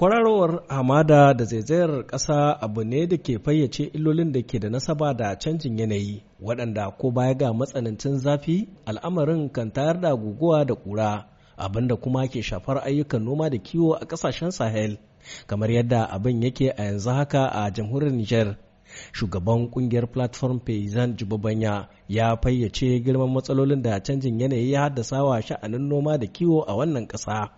kwararowar hamada da zaizayar ƙasa abu ne da ke fayyace illolin da ke da nasaba da canjin yanayi waɗanda ko baya ga matsanancin zafi al'amarin kan tayar da guguwa da ƙura abinda kuma ke shafar ayyukan noma da kiwo a ƙasashen sahel kamar yadda abin yake a yanzu haka a jamhuriyar niger shugaban kungiyar platform paysan jibobanya ya fayyace girman matsalolin da canjin yanayi ya haddasa wa sha'anin noma da kiwo a wannan ƙasa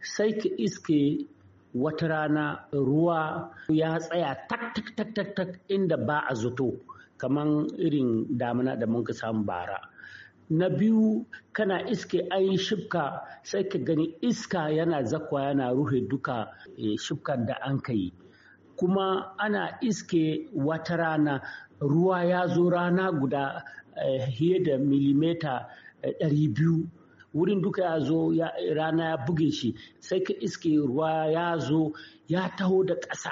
sai ka iske wata rana ruwa ya tsaya tak tak tak tak tak inda ba a zato kaman irin damuna da mun samu bara na biyu kana iske an yi shifka sai ka gani iska yana zakwa yana ruhe duka eh, shifkar da an kai kuma ana iske wata rana ruwa ya zo rana guda eh, fiye da milimeta eh, 200 wurin duka ya zo rana ya buge shi sai ka iske ruwa ya zo ya taho da ƙasa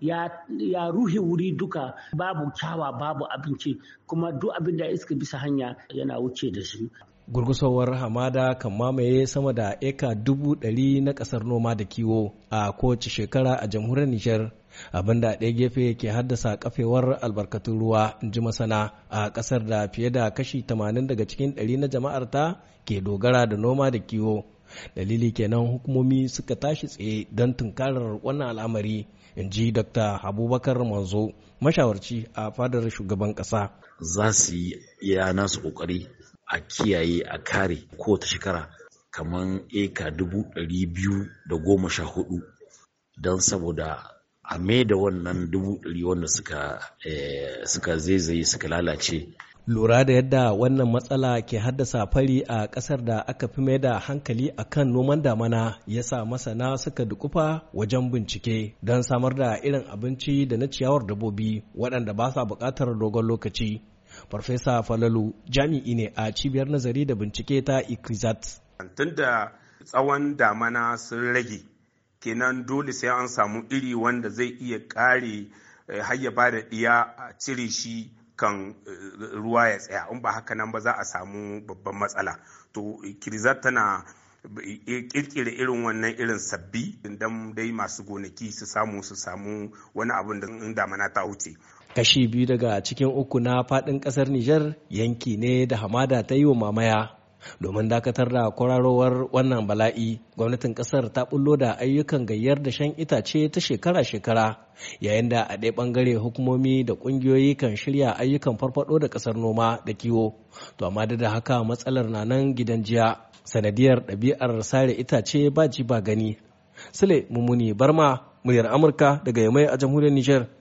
ya, ya ruhe wuri duka babu kyawa babu abinci kuma duk abin da iska bisa hanya yana wuce da shi gurgusowar hamada kan mamaye sama da eka dubu ɗari na ƙasar noma da kiwo a kowace shekara a jamhuriyar Nijar. abinda da ɗaya gefe ke haddasa kafewar albarkatun ruwa in ji masana a ƙasar da fiye da kashi tamanin daga cikin ɗari na jama'arta ke dogara da noma da kiwo. Dalili kenan hukumomi suka tashi tsaye don tunkarar wannan al'amari in ji Dr. Abubakar Manzo mashawarci a fadar shugaban ƙasa. Za su yi iya nasu ƙoƙari a kiyaye a kare kowace shekara kamar eka dubu ɗari biyu da goma sha hudu don saboda a da wannan dubu ɗari wanda eh, suka zaizaye suka lalace lura da yadda wannan matsala ke haddasa fari a ƙasar da aka fi mai da hankali a kan noman damana ya sa masana suka dukufa wajen bincike don samar da irin abinci da na ciyawar dabobi waɗanda ba sa buƙatar dogon lokaci Farfesa Falalu jami'i ne a cibiyar nazari da bincike ta Ikrizat. Tun da tsawon damana sun rage, kenan dole sai an samu iri wanda zai iya kare eh, hayya ba da ɗiya a cire shi kan eh, ruwa ya tsaya in ba haka nan ba za a samu babban matsala to Ikrizat tana kirkira eh, irin wannan irin sabbi don dai masu gonaki su samu su samu wani abin da damana ta wuce kashi biyu daga cikin uku na faɗin ƙasar Nijar yanki ne da hamada ta yi wa mamaya. Domin dakatar da kwararowar wannan bala'i, gwamnatin ƙasar ta bullo da ayyukan gayyar da shan itace ta shekara-shekara, yayin da a ɗaya ɓangare hukumomi da ƙungiyoyi kan shirya ayyukan farfaɗo da ƙasar noma da kiwo. To amma da haka matsalar na nan gidan jiya, sanadiyar ɗabi'ar sare itace ba ji ba gani. Sule Mumuni Barma, muryar Amurka daga Yamai a jamhuriyar Nijar.